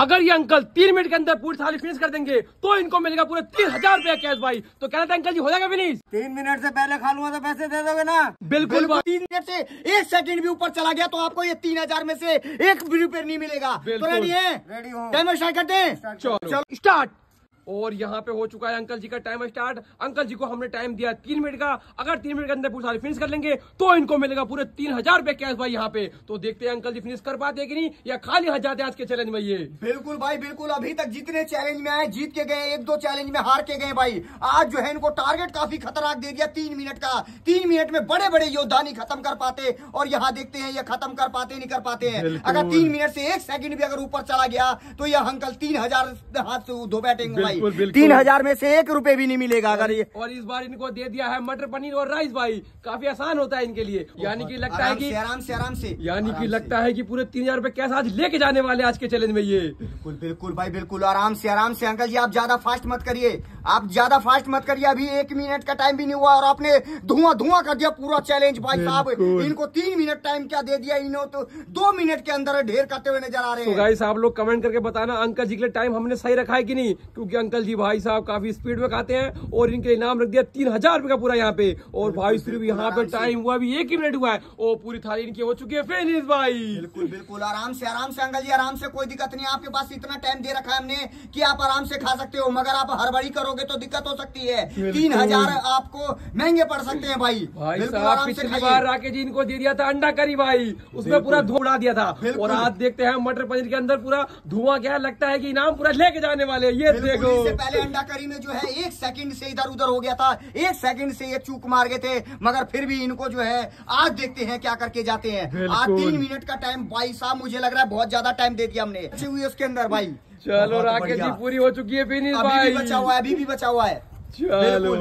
अगर ये अंकल तीन मिनट के अंदर पूरी थाली फिनिश कर देंगे तो इनको मिलेगा पूरे तीन हजार रुपया कैश भाई तो कहना था अंकल जी हो जाएगा फिनिश तीन मिनट से पहले खा लूंगा तो पैसे दे दोगे ना बिल्कुल, बिल्कुल तीन मिनट से एक सेकंड भी ऊपर चला गया तो आपको ये तीन हजार में से एक भी रुपये नहीं मिलेगा तो रेडी है रेडी हो करते हैं स्टार्ट और यहाँ पे हो चुका है अंकल जी का टाइम स्टार्ट अंकल जी को हमने टाइम दिया तीन मिनट का अगर तीन मिनट के अंदर पूरी सारी फिनिश कर लेंगे तो इनको मिलेगा पूरे तीन हजार रुपए कैश भाई यहाँ पे तो देखते हैं अंकल जी फिनिश कर पाते कि नहीं या खाली हजार जाते आज के चैलेंज में ये बिल्कुल भाई बिल्कुल अभी तक जितने चैलेंज में आए जीत के गए एक दो चैलेंज में हार के गए भाई आज जो है इनको टारगेट काफी खतरनाक दे दिया तीन मिनट का तीन मिनट में बड़े बड़े योद्धा नहीं खत्म कर पाते और यहाँ देखते हैं ये खत्म कर पाते नहीं कर पाते हैं अगर तीन मिनट से एक सेकंड भी अगर ऊपर चला गया तो यह अंकल तीन हजार हाथ से धो बैठेंगे भाई तीन हजार में से एक रुपए भी नहीं मिलेगा अगर ये और इस बार इनको दे दिया है मटर पनीर और राइस भाई काफी आसान होता है इनके लिए यानी कि लगता है की आराम से आराम से यानी कि लगता है की पूरे तीन हजार रूपए कैसे आज लेके जाने वाले आज के चैलेंज में ये बिल्कुल बिल्कुल भाई बिल्कुल आराम से आराम से अंकल जी आप ज्यादा फास्ट मत करिए आप ज्यादा फास्ट मत करिए अभी एक मिनट का टाइम भी नहीं हुआ और आपने धुआं धुआं कर दिया पूरा चैलेंज भाई साहब इनको तीन मिनट टाइम क्या दे दिया इन्हों तो दो मिनट के अंदर ढेर करते हुए नजर आ रहे तो हैं भाई साहब लोग कमेंट करके बताना अंकल जी के लिए टाइम हमने सही रखा है कि नहीं क्योंकि अंकल जी भाई साहब काफी स्पीड में खाते हैं और इनके इनाम रख दिया तीन हजार का पूरा यहाँ पे और भाई सिर्फ यहाँ पे टाइम हुआ अभी एक ही मिनट हुआ है और पूरी थाली इनकी हो चुकी है फिर भाई बिल्कुल बिल्कुल आराम से आराम से अंकल जी आराम से कोई दिक्कत नहीं आपके पास इतना टाइम दे रखा है हमने की आप आराम से खा सकते हो मगर आप हड़बड़ी करो करोगे तो दिक्कत हो सकती है तीन हजार आपको महंगे पड़ सकते हैं भाई भाई पिछली बार राकेश जी इनको दे दिया था अंडा करी भाई उसमें पूरा धुआं उड़ा दिया था और आज देखते हैं मटर पनीर के अंदर पूरा धुआं क्या लगता है की इनाम पूरा लेके जाने वाले ये देखो पहले अंडा करी में जो है एक सेकंड से इधर उधर हो गया था एक सेकंड से ये चूक मार गए थे मगर फिर भी इनको जो है आज देखते हैं क्या करके जाते हैं आज तीन मिनट का टाइम भाई साहब मुझे लग रहा है बहुत ज्यादा टाइम दे दिया हमने अच्छी हुई उसके अंदर भाई चलो राकेश जी पूरी हो चुकी है फिनिश भाई भी बचा हुआ है अभी भी बचा हुआ है चलो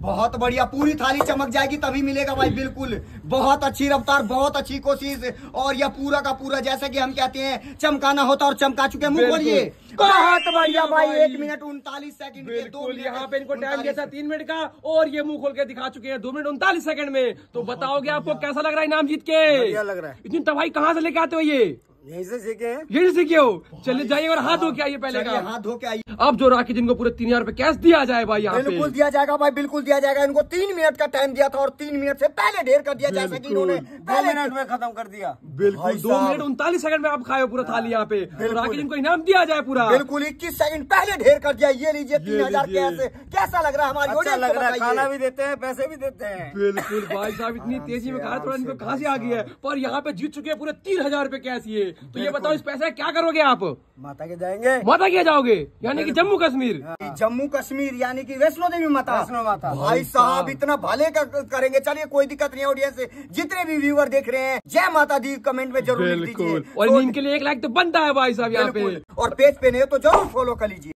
बहुत बढ़िया पूरी थाली चमक जाएगी तभी मिलेगा भाई बिल्कुल बहुत अच्छी रफ्तार बहुत अच्छी कोशिश और यह पूरा का पूरा जैसे कि हम कहते हैं चमकाना होता और चमका चुके मुंह बोलिए बहुत बढ़िया भाई एक मिनट उनतालीस सेकंड बिल्कुल यहाँ पे इनको टाइम दिया था तीन मिनट का और ये मुंह खोल के दिखा चुके हैं दो मिनट उनतालीस सेकंड में तो बताओगे आपको कैसा लग रहा है इनाम जीत के लग रहा है इतनी तबाही कहाँ से लेके आते हो ये यहीं से सीखे हैं यहीं सीखे हो चले जाइए और हाथ हाँ। धो के आइए पहले का हाथ धो के आइए अब जो राखी जिनको पूरे तीन हजार रूपए कैश दिया जाए भाई यहाँ बिल्कुल दिया जाएगा भाई बिल्कुल दिया जाएगा इनको तीन मिनट का टाइम दिया था और तीन मिनट से पहले ढेर कर दिया जाए की इन्होंने दो मिनट में खत्म कर दिया बिल्कुल दो मिनट उनतालीस सेकंड में आप खाए पूरा हाँ, थाली यहाँ पे राखी जिनको इनाम दिया जाए पूरा बिल्कुल इक्कीस सेकंड पहले ढेर कर दिया ये लीजिए तीन हजार कैसे कैसा लग रहा है हमारे अच्छा लग रहा है खाना भी देते हैं पैसे भी देते हैं बिल्कुल भाई साहब इतनी हाँ तेजी में खाया थोड़ा इनको कहा आ गई है पर यहाँ पे जीत चुके हैं पूरे तीन हजार रूपए कैश ये तो ये बताओ इस पैसे क्या करोगे आप माता के जाएंगे माता के जाओगे यानी कि जम्मू कश्मीर हाँ। जम्मू कश्मीर यानी कि वैष्णो देवी माता वैष्णो माता भाई साहब इतना भले करेंगे चलिए कोई दिक्कत नहीं ऑडियंस जितने भी व्यूअर देख रहे हैं जय माता दी कमेंट में जरूर और इनके लिए एक लाइक तो बनता है भाई साहब यहाँ पे और पेज पे नहीं तो जरूर फॉलो कर लीजिए